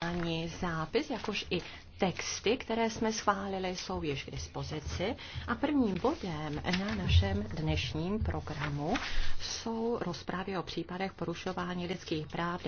Ani zápis, jakož i texty, které jsme schválili, jsou již k dispozici. A prvním bodem na našem dnešním programu jsou rozprávy o případech porušování lidských práv